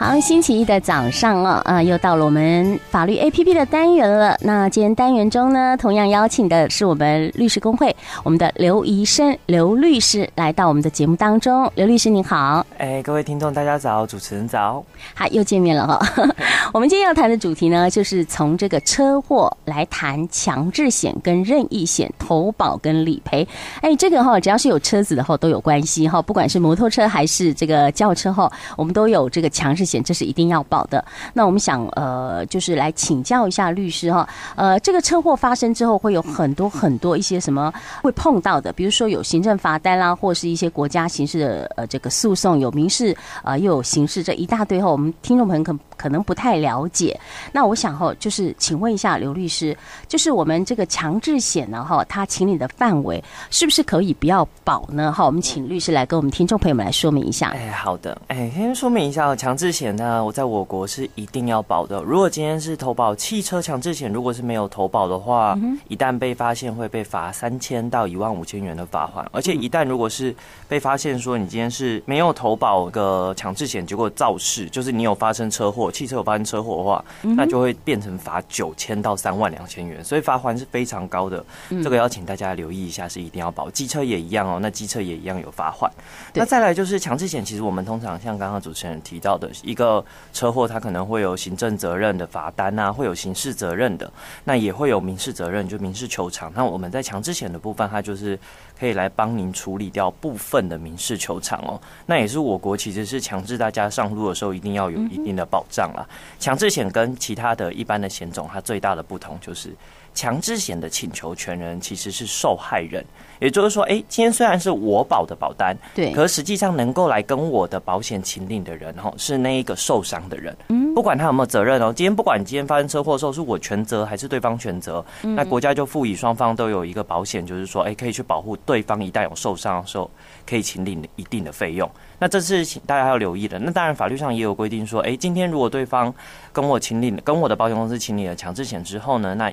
好，星期一的早上哦，啊、呃，又到了我們法律 A P P 的單元了。那今天單元中呢，同樣邀請的是我們律師公會，我們的劉醫生劉宜昇劉律師來到我們的節目當中。劉律師您好，哎、欸，各位聽眾大家早，主持人早，好，又見面了哈。呵呵 我們今天要談的主題呢，就是從這個車禍來談強制險跟任意險投保跟理賠。哎、欸，這個哈、哦，只要是有車子的哈，都有關係哈，不管是摩托車還是這個轎車哈，我們都有這個強制。險，這是一定要保的。那我們想呃，就是來請教一下律師哈，呃，這個車禍發生之後會有很多很多一些什麼會碰到的，比如說有行政罰單啦、啊，或是一些國家刑事的呃這個訴訟，有民事啊、呃，又有刑事這一大堆後，我們聽眾朋友可能可能不太了解。那我想哈、哦，就是請問一下劉律師，就是我們這個強制險呢哈，它請領的範圍是不是可以不要保呢？哈、哦，我們請律師來跟我們聽眾朋友們來說明一下。哎，好的，哎，先說明一下強制。險呢？我在我國是一定要保的。如果今天是投保汽車強制險，如果是沒有投保的話，mm hmm. 一旦被發現會被罰三千到一萬五千元的罰款。而且一旦如果是被發現說你今天是沒有投保個強制險，結果肇事，就是你有發生車禍，汽車有發生車禍的話，mm hmm. 那就會變成罰九千到三萬兩千元，所以罰款是非常高的。這個要請大家留意一下，是一定要保。機車也一樣哦，那機車也一樣有罰款。對那再來就是強制險，其實我們通常像剛剛主持人提到的。一個車禍，它可能會有行政責任的罰單啊，會有刑事責任的，那也會有民事責任，就民事求償。那我們在強制險的部分，它就是可以來幫您處理掉部分的民事求償哦。那也是我國其實是強制大家上路的時候一定要有一定的保障啦。強、嗯、哼制險跟其他的一般的險種，它最大的不同就是。強制險的請求權人其實是受害人，也就是說，哎、欸，今天雖然是我保的保單，對，可實際上能夠來跟我的保險請領的人吼，是那一個受傷的人，嗯，不管他有沒有責任哦，今天不管今天發生車禍的時候是我全責還是對方全責，嗯、那國家就賦予雙方都有一個保險，就是說，哎、欸，可以去保護對方一旦有受傷的時候，可以請領一定的費用。那這是請大家要留意的。那當然法律上也有規定說，哎、欸，今天如果對方跟我請領，跟我的保險公司請領了強制險之後呢，那。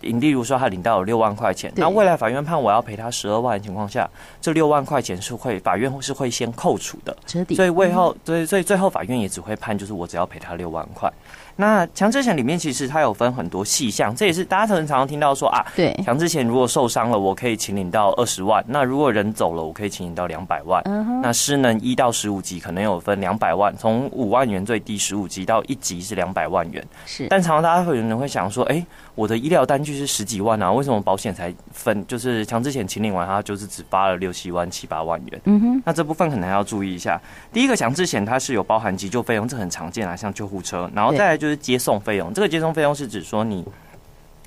你例如說，他領到有六萬塊錢，那未來法院判我要賠他十二萬的情況下，這六萬塊錢是會法院是會先扣除的，所以最後，所以所以最後法院也只會判，就是我只要賠他六萬塊。那強制險裡面其實它有分很多細項，這也是大家可能常常聽到說啊，對，強制險如果受傷了，我可以請領到二十萬。那如果人走了，我可以請領到兩百萬。Uh huh. 那失能一到十五級可能有分兩百萬，從五萬元最低十五級到一級是兩百萬元。是，但常常大家會有人會想說，哎、欸，我的醫療單據是十幾萬啊，為什麼保險才分就是強制險請領完它就是只發了六七萬七八萬元？嗯哼、uh，huh. 那這部分可能還要注意一下。第一個強制險它是有包含急救費用，這很常見啊，像救護車，然後再來就是。接送費用，這個接送費用是指說你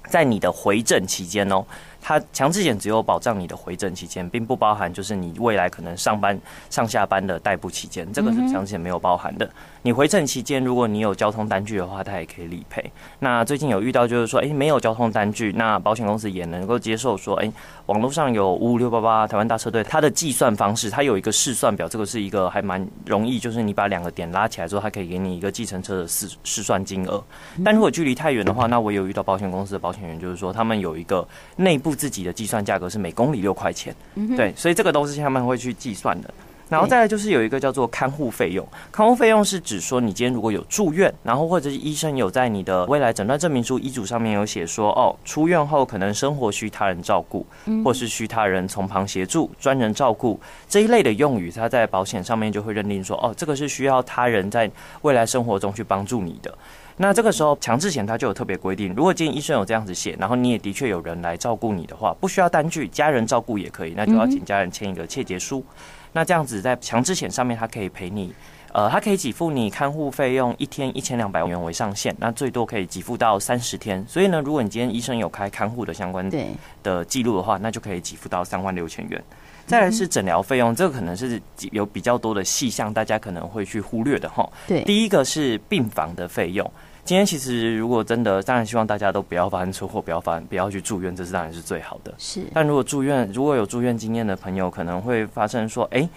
在你的回診期間哦。它強制險只有保障你的回診期間，並不包含就是你未來可能上班上下班的代步期間，這個是強制險沒有包含的。你回診期間，如果你有交通單據的話，它也可以理賠。那最近有遇到就是說，哎、欸，沒有交通單據，那保險公司也能夠接受說，哎、欸，網絡上有五五六八八台灣大車隊，它的計算方式，它有一個試算表，這個是一個還蠻容易，就是你把兩個點拉起來之後，它可以給你一個計程車的試試算金額。但如果距離太遠的話，那我也有遇到保險公司的保險員，就是說他們有一個內部。自己的計算價格是每公里六塊錢，嗯、哼對，所以這個都是他們會去計算的。然後再來就是有一個叫做看護費用，看護費用是指說你今天如果有住院，然後或者是醫生有在你的未來診斷證明書醫囑上面有寫說哦，出院後可能生活需他人照顧，或是需他人從旁協助、專人照顧、嗯、哼這一類的用語，他在保險上面就會認定說哦，這個是需要他人在未來生活中去幫助你的。那這個時候強制險它就有特別規定，如果今天醫生有這樣子寫，然後你也的確有人來照顧你的話，不需要單據，家人照顧也可以，那就要請家人簽一個切結書。嗯、那這樣子在強制險上面，它可以賠你，呃，它可以給付你看護費用，一天一千兩百元為上限，那最多可以給付到三十天。所以呢，如果你今天醫生有開看護的相關的記錄的話，那就可以給付到三萬六千元。再來是診療費用，這個可能是有比較多的細項，大家可能會去忽略的吼，對，第一個是病房的費用。今天其實，如果真的，當然希望大家都不要發生車禍，不要發生，不要去住院，這是當然是最好的。是，但如果住院，如果有住院經驗的朋友，可能會發生說，哎、欸，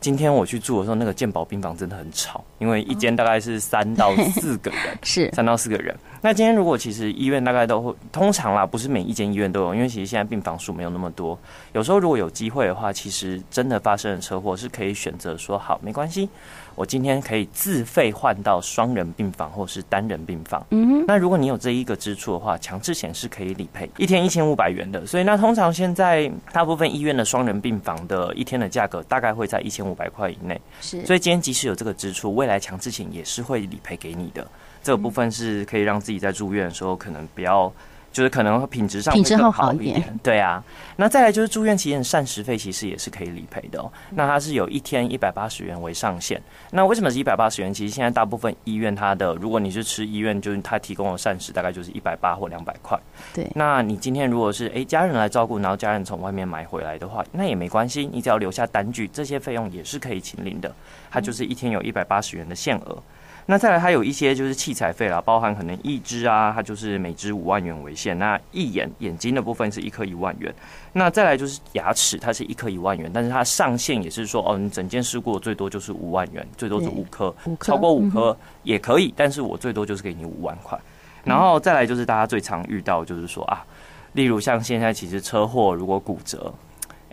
今天我去住的時候，那個健保病房真的很吵，因為一間大概是三到四個人，哦、 是三到四個人。那今天如果其實醫院大概都會，通常啦，不是每一間醫院都有，因為其實現在病房數沒有那麼多。有時候如果有機會的話，其實真的發生的車禍是可以選擇說，好，沒關係。我今天可以自費換到雙人病房或是單人病房。嗯哼，那如果你有這一個支出的話，強制險是可以理賠，一天一千五百元的。所以那通常現在大部分醫院的雙人病房的一天的價格大概會在一千五百塊以內。是，所以今天即使有這個支出，未來強制險也是會理賠給你的。這個部分是可以讓自己在住院的時候可能不要。就是可能品質上品質會好一點，好好一點，對啊。那再來就是住院期間的膳食費其實也是可以理賠的，哦，嗯、那它是有一天一百八十元為上限。那為什麼是一百八十元？其實現在大部分醫院它的，如果你是吃醫院就是它提供的膳食，大概就是一百八或兩百塊。對。那你今天如果是哎、欸、家人來照顧，然後家人從外面買回來的話，那也沒關係，你只要留下單據，這些費用也是可以請領的。它就是一天有一百八十元的限額。嗯那再來還有一些就是器材費啦，包含可能義肢啊，它就是每具五萬元為限。那一眼眼睛的部分是一顆一萬元，那再來就是牙齒，它是一顆一萬元，但是它上限也是說哦，你整件事故最多就是五萬元，最多是五顆，顆超過五顆也可以，嗯哼，但是我最多就是給你五萬塊。然後再來就是大家最常遇到就是說啊，例如像現在其實車禍如果骨折。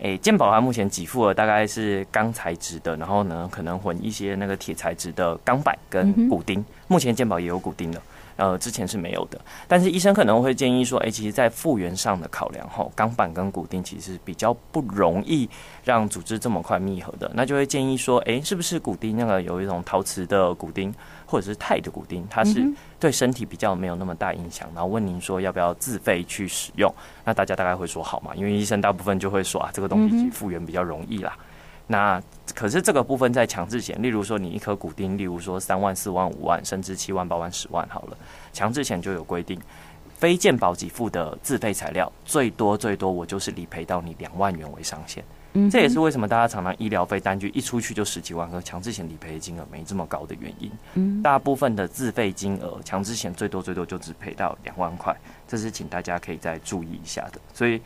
誒，鑑寶健保它目前給付的大概是鋼材質的，然後呢，可能混一些那個鐵材質的鋼板跟骨釘，目前健保也有骨釘的。呃，之前是沒有的，但是醫生可能會建議說，哎、欸，其實，在復原上的考量，後，鋼板跟骨釘其實比較不容易讓組織這麼快閉合的，那就會建議說，哎、欸，是不是骨釘那個有一種陶瓷的骨釘或者是鈦的骨釘，它是對身體比較沒有那麼大影響，然後問您說要不要自費去使用，那大家大概會說好嘛，因為醫生大部分就會說啊，這個東西復原比較容易啦。那可是這個部分在強制險，例如說你一顆骨釘，例如說三萬、四萬、五萬，甚至七萬、八萬、十萬好了，強制險就有規定，非健保給付的自費材料，最多最多我就是理賠到你兩萬元為上限。嗯哼，這也是為什麼大家常常醫療費單據一出去就十幾萬個，和強制險理賠金額沒這麼高的原因。嗯，大部分的自費金額，強制險最多最多就只賠到兩萬塊，這是請大家可以再注意一下的。所以。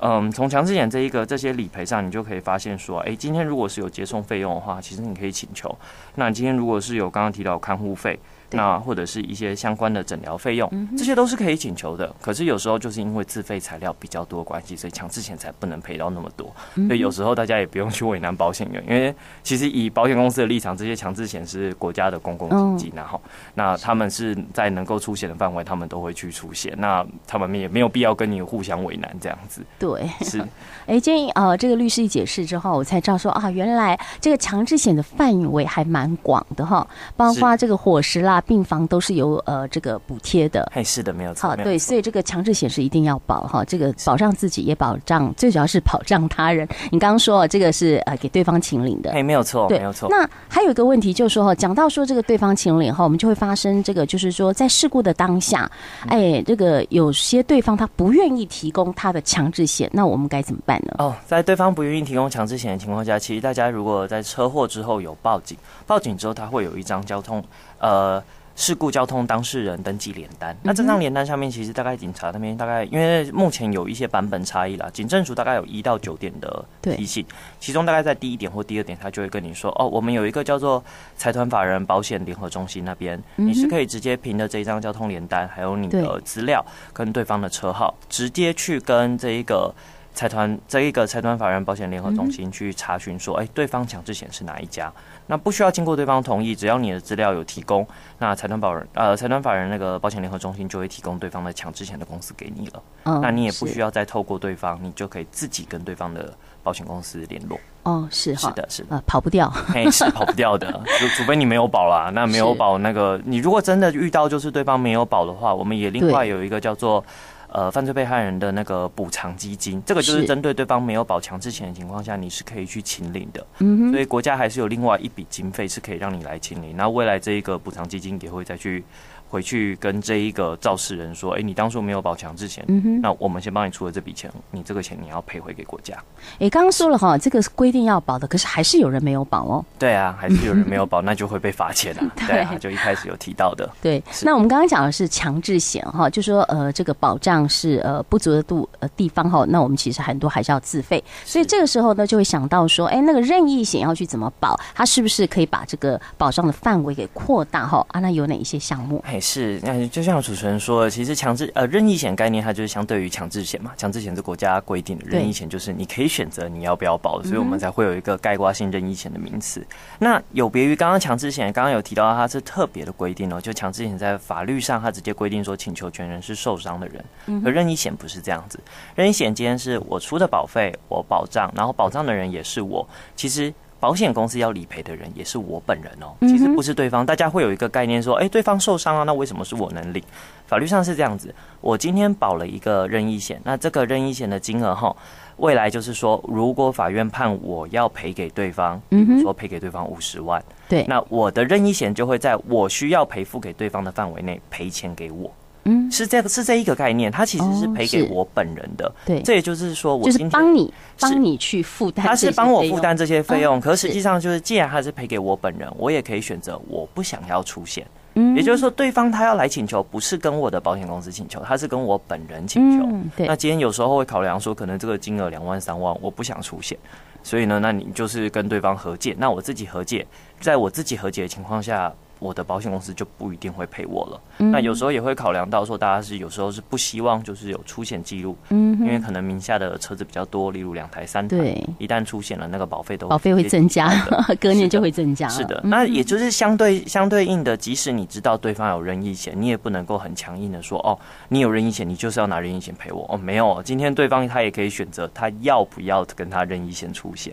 嗯，從強制險這一個這些理賠上，你就可以發現說，哎、欸，今天如果是有接送費用的話，其實你可以請求。那你今天如果是有剛剛提到的看護費。對那或者是一些相關的診療費用，嗯、哼這些都是可以請求的。可是有時候就是因為自費材料比較多關係，所以強制險才不能賠到那麼多。嗯、哼所以有時候大家也不用去為難保險員，因為其實以保險公司的立場，這些強制險是國家的公共經濟。然後、嗯、那他們是在能夠出險的範圍，他們都會去出險。那他們也沒有必要跟你互相為難這樣子。對，是。哎、欸，建議呃這個律師一解釋之後，我才知道說啊，原來這個強制險的範圍還蠻廣的哈，包括這個伙食啦。病房都是有呃這個補貼的，嘿，hey, 是的，沒有錯，哦、對，所以這個強制險是一定要保哈，這個保障自己也保障，是最主要是保障他人。你剛剛說這個是呃給對方請領的，嘿，hey, 沒有錯，對沒有錯。那還有一個問題就是說哈，講到說這個對方請領以後，我們就會發生這個，就是說在事故的當下，哎，嗯、這個有些對方他不願意提供他的強制險，那我們該怎麼辦呢？哦，oh, 在對方不願意提供強制險的情況下，其實大家如果在車禍之後有報警，報警之後他會有一張交通呃。事故交通當事人登記聯單，嗯、哼那這張聯單上面其實大概警察那邊大概，因為目前有一些版本差異啦，警政署大概有一到九點的提醒，對其中大概在第一點或第二點，他就會跟你說哦，我們有一個叫做財團法人保險聯合中心那邊，嗯、哼你是可以直接憑着這一張交通聯單，還有你的資料跟對方的車號，對直接去跟這一個。財團這一個財團法人保險聯合中心去查詢說，哎、嗯欸，對方強制險是哪一家？那不需要經過對方同意，只要你的資料有提供，那財團保人呃財團法人那個保險聯合中心就會提供對方的強制險的公司給你了。嗯、那你也不需要再透過對方，是你就可以自己跟對方的保險公司聯絡。哦，是哈，好是的，是的，呃、跑不掉嘿，是跑不掉的， 除非你沒有保啦。那沒有保那個，是你如果真的遇到就是對方沒有保的話，我們也另外有一個叫做。呃，犯罪被害人的那個補償基金，這個就是針對對方沒有保強制險的情況下，你是可以去請領的。嗯，所以國家還是有另外一筆經費是可以讓你來請領，那未來這一個補償基金也會再去。回去跟這一個肇事人說，哎、欸，你當初沒有保強制險，嗯、哼那我們先幫你出了這筆錢，你這個錢你要賠回給國家。哎、欸，剛剛說了哈，這個規定要保的，可是還是有人沒有保哦。對啊，還是有人沒有保， 那就會被罰錢啊。對啊，就一開始有提到的。對，是對，那我們剛剛講的是強制險哈，就是、說呃，這個保障是呃不足的度呃地方哈，那我們其實很多還是要自費。所以這個時候呢，就會想到說，哎、欸，那個任意險要去怎麼保？它是不是可以把這個保障的範圍給擴大哈？啊，那有哪一些項目？是，那就像主持人說的，其實強制呃任意險概念，它就是相對於強制險嘛。強制險是國家規定的，任意險就是你可以選擇你要不要保，對所以我們才會有一個概括性任意險的名詞。嗯、哼那有別於剛剛強制險，剛剛有提到它是特別的規定哦，就強制險在法律上它直接規定說，請求權人是受傷的人，而任意險不是這樣子。任意險今天是我出的保費，我保障，然後保障的人也是我，嗯、其實。保險公司要理賠的人也是我本人哦，mm hmm. 其實不是對方。大家會有一個概念說，哎、欸，對方受傷啊，那為什麼是我能領？法律上是這樣子。我今天保了一個任意險，那這個任意險的金額哈，未來就是說，如果法院判我要賠給對方，比如說賠給對方五十萬，對、mm，hmm. 那我的任意險就會在我需要賠付給對方的範圍內賠錢給我。嗯、是這個是這一個概念，它其實是賠給我本人的。哦、對，這也就是說我今天是幫你幫你去負擔。他是幫我負擔這些費用，用哦、可實際上就是既然他是賠給我本人，哦、我也可以選擇我不想要出險。嗯，也就是說對方他要來請求，不是跟我的保險公司請求，他是跟我本人請求。嗯、對。那今天有時候會考量說，可能這個金額兩萬三萬，我不想出險，所以呢，那你就是跟對方和解，那我自己和解，在我自己和解的情況下。我的保險公司就不一定會賠我了。嗯、那有時候也會考量到說，大家是有時候是不希望就是有出險記錄，嗯哼，因為可能名下的車子比較多，例如兩台、三台，對一旦出險了，那個保費都保費會增加，增加 隔年就會增加是。是的，嗯、哼那也就是相對相對應的，即使你知道對方有任意險，你也不能夠很強硬的說哦，你有任意險，你就是要拿任意險賠我哦。沒有，今天對方他也可以選擇他要不要跟他任意險出險。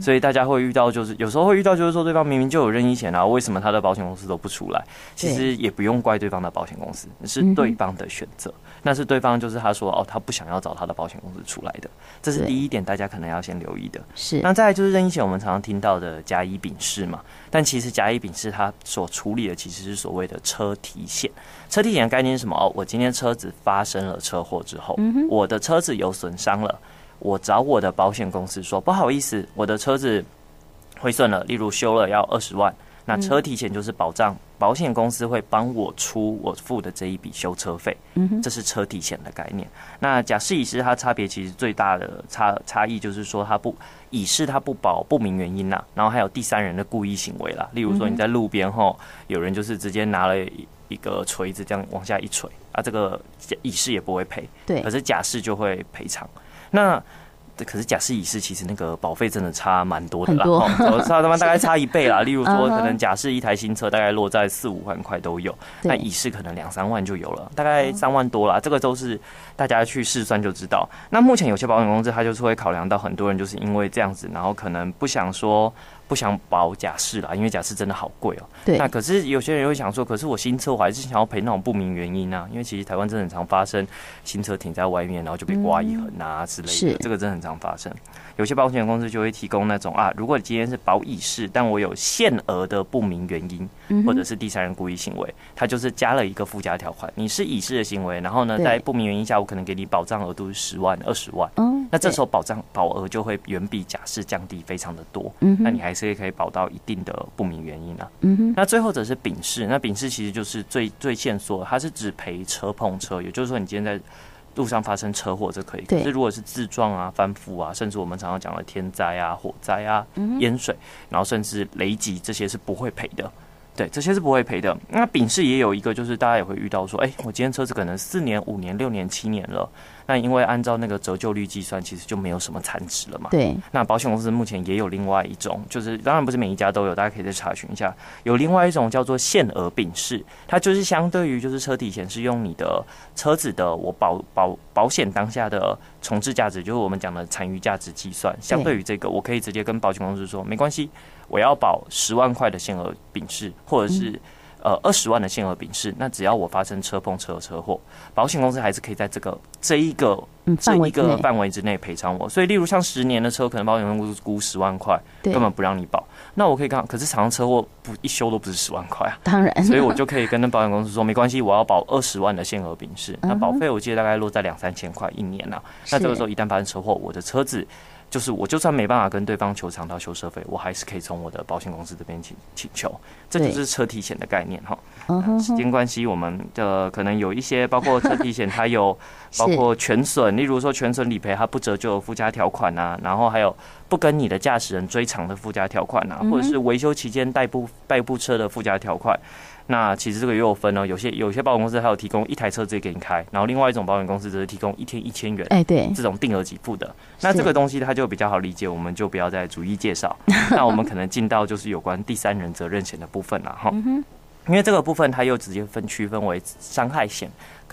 所以大家會遇到，就是有時候會遇到，就是說對方明明就有任意險啊，為什麼他的保險公司都不出來？其實也不用怪對方的保險公司，是對方的選擇，那是對方就是他說哦，他不想要找他的保險公司出來的，這是第一點，大家可能要先留意的。是，那再來就是任意險，我們常常聽到的甲乙丙式嘛，但其實甲乙丙式他所處理的其實是所謂的車體險。車體險的概念是什麼？哦，我今天車子發生了車禍之後，我的車子有損傷了。我找我的保險公司說，不好意思，我的車子毀損了，例如修了要二十萬，那車體險就是保障，保險公司會幫我出我付的這一筆修車費，嗯哼這是車體險的概念。那甲式乙式它差別其實最大的差差異就是說它不乙式它不保不明原因吶、啊，然後還有第三人的故意行為啦，例如說你在路邊吼有人就是直接拿了一一個錘子這樣往下一錘啊，這個乙式也不會賠，對，可是甲式就會賠償。那，可是甲式乙式，其實那個保費真的差蠻多的啦，很多 哦、差他媽大概差一倍啦。 是的 例如說，可能甲式一台新車大概落在四五萬塊都有，對 那乙式，可能兩三萬就有了，大概三萬多啦。這個都是大家去試算就知道。那目前有些保險公司，它就是會考量到很多人就是因為這樣子，然後可能不想說。不想保甲式啦，因為甲式真的好貴哦、喔。對，那可是有些人會想說，可是我新車我還是想要賠那種不明原因啊，因為其實台灣真的很常發生新車停在外面，然後就被刮一痕啊之類的，嗯、是這個真的很常發生。有些保險公司就會提供那種啊，如果你今天是保乙式，但我有限額的不明原因。或者是第三人故意行為，他就是加了一個附加條款。你是乙式的行為，然後呢，對在不明原因下，我可能給你保障額度是十萬、二十萬。Oh, 那這時候保障對保額就會遠比甲式降低非常的多。嗯，哼那你還是可以保到一定的不明原因的、啊。嗯，哼那最後則是丙式，那丙式其實就是最最限縮，它是只賠車碰車，也就是說你今天在路上發生車禍就可以。對可是如果是自撞啊、翻覆啊，甚至我們常常講的天災啊、火災啊、淹、嗯、哼水，然後甚至雷擊這些是不會賠的。對，這些是不會賠的。那丙式也有一個，就是大家也會遇到，說，哎、欸，我今天車子可能四年、五年、六年、七年了。那因為按照那個折舊率計算，其實就沒有什麼殘值了嘛。對。那保險公司目前也有另外一種，就是當然不是每一家都有，大家可以再查詢一下。有另外一種叫做限額丙式，它就是相對於就是車體險是用你的車子的我保保保險當下的重置價值，就是我們講的殘餘價值計算。相對於這個，對 我可以直接跟保險公司說，沒關係，我要保十萬塊的限額丙式，或者是。呃，二十萬的限額丙式，那只要我發生車碰車的車禍，保險公司還是可以在這個這一個這一個範圍之內賠償我。所以，例如像十年的車，可能保險公司估十萬塊，根本不讓你保。那我可以講，可是常常車禍不一修都不是十萬塊啊，當然，所以我就可以跟那保險公司說，沒關係，我要保二十萬的限額丙式，那保費我記得大概落在兩三千塊一年啊。那這個時候一旦發生車禍，我的車子。就是我就算沒辦法跟對方求償到修車費，我還是可以從我的保險公司這邊請請求，這就是車體險的概念哈。時間關係，我們的可能有一些，包括車體險它有包括全損，例如說全損理賠它不折舊附加條款啊，然後還有不跟你的駕駛人追償的附加條款啊，或者是維修期間代步代步車的附加條款。那其實這個也有分哦，有些有些保險公司還有提供一台車直接給你開，然後另外一種保險公司則是提供一天一千元，這種定額給付的。那這個東西它就比較好理解，我們就不要再逐一介紹。那我們可能進到就是有關第三人責任險的部分了哈，因為這個部分它又直接分區分為傷害險。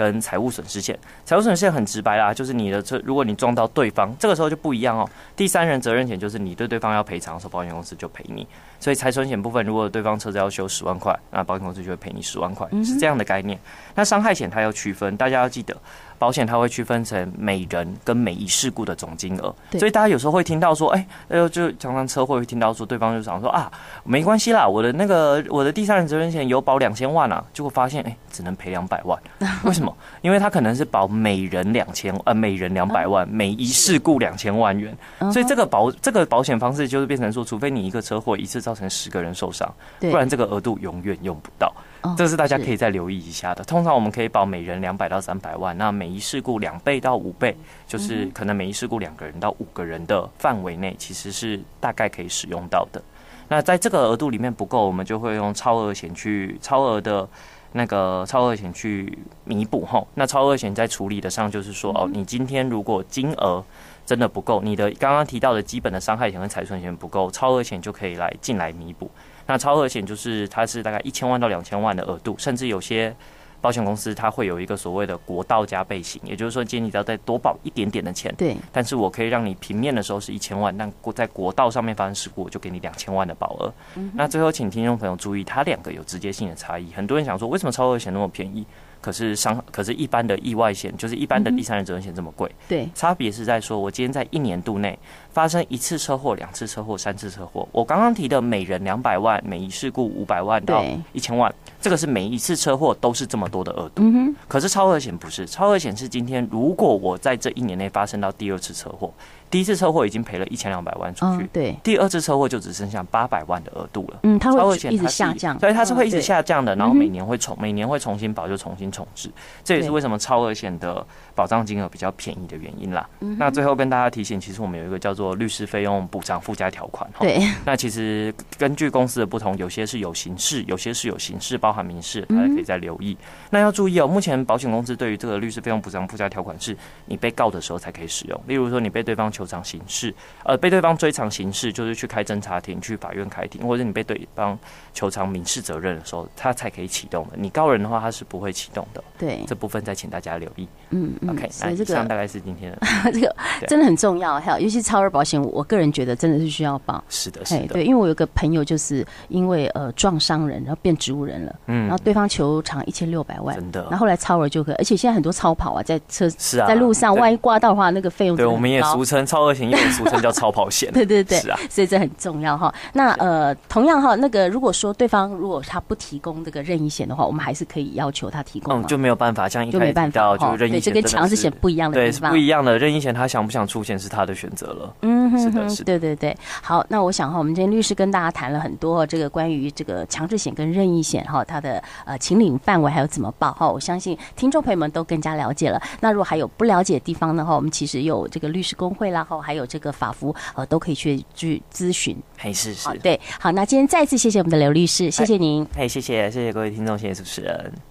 跟財務損失險，財務損失險很直白啦，就是你的車如果你撞到對方，這個時候就不一樣哦。第三人責任險就是你對對方要賠償的時候，保險公司就賠你。所以財損險部分，如果對方車子要修十萬塊，那保險公司就會賠你十萬塊，是這樣的概念。那傷害險它要區分，大家要記得。保險它會區分成每人跟每一事故的總金額，所以大家有時候會聽到說，哎，哎呦，就常常車禍會聽到說，對方就常常說啊，沒關係啦，我的那個我的第三人責任險有保兩千萬啊，就會發現哎、欸，只能賠兩百萬，為什麼？因為它可能是保每人兩千，呃，每人兩百萬，每一事故兩千萬元，所以這個保這個保險方式就是變成說，除非你一個車禍一次造成十個人受傷，不然這個額度永遠用不到，這是大家可以再留意一下的。通常我們可以保每人兩百到三百萬，那每每一事故兩倍到五倍，就是可能每一事故兩個人到五個人的範圍內，其實是大概可以使用到的。那在這個額度裡面不夠，我們就會用超額險去超額的那個超額險去彌補哈。那超額險在處理的上就是說，哦，你今天如果金額真的不夠，你的剛剛提到的基本的傷害險跟財產險不夠，超額險就可以來進來彌補。那超額險就是它是大概一千萬到兩千萬的額度，甚至有些。保險公司它會有一個所謂的國道加倍型，也就是說，建議你要再多保一點點的錢，對。但是我可以讓你平面的時候是一千萬，但在國道上面發生事故，我就給你兩千萬的保額。嗯、哼那最後請聽眾朋友注意，它兩個有直接性的差異。很多人想說，為什麼超額險那麼便宜？可是商，可是一般的意外險，就是一般的第三人責任險這麼貴，嗯。對。差別是在說我今天在一年度內發生一次車禍，兩次車禍，三次車禍，我剛剛提的每人兩百萬，每一事故五百萬到一千萬。對這個是每一次車禍都是這麼多的額度，可是超額險不是，超額險是今天如果我在這一年內發生到第二次車禍。第一次車禍已經賠了一千兩百萬出去，嗯、對，第二次車禍就只剩下八百萬的額度了。嗯，超額險它下降，所以它是會一直下降的，哦、然後每年會重，嗯、哼每年會重新保就重新重置。嗯、哼這也是為什麼超額險的保障金額比較便宜的原因啦。對那最後跟大家提醒，其實我們有一個叫做律師費用補償附加條款。對，那其實根據公司的不同，有些是有刑事，有些是有刑事包含民事，大家可以再留意。嗯、哼那要注意哦，目前保險公司對於這個律師費用補償附加條款是，你被告的時候才可以使用。例如說，你被對方。求償刑事，呃，被對方追償刑事，就是去開偵查庭，去法院開庭，或者你被對方求償民事責任的時候，他才可以啟動的。你告人的話，他是不會啟動的。對，這部分再請大家留意。嗯嗯。OK，那這個以上大概是今天的。這個真的很重要。還有，尤其超額保險，我個人覺得真的是需要保。是的，是的。哎，對，因為我有個朋友就是因為呃撞傷人，然後變植物人了。嗯。然後對方求償一千六百萬。真的。然後後來超額就可以，而且現在很多超跑啊，在車是啊，在路上萬一刮到的話，那個費用真的很高，對我們也俗稱。超額險又俗稱叫超跑險， 對對對，是啊，所以這很重要哈。那呃，同樣哈，那個如果說對方如果他不提供這個任意險的話，我們還是可以要求他提供嗎？嗯，就沒有辦法像一開辦到就任意險，這跟強制險不一樣的，對，是不一樣的。任意險他想不想出錢是他的選擇了，嗯哼哼，是的。是的對對對。好，那我想哈，我們今天律師跟大家談了很多這個關於這個強制險跟任意險哈，它的呃，請領範圍還有怎麼報哈，我相信聽眾朋友們都更加了解了。那如果還有不了解的地方的話，我們其實有這個律師公會啦。然後還有這個法服，呃，都可以去去諮詢。哎，是是，啊，對，好，那今天再次謝謝我們的劉律師，謝謝您。嘿，嘿，謝謝，謝謝各位聽眾，謝謝主持人。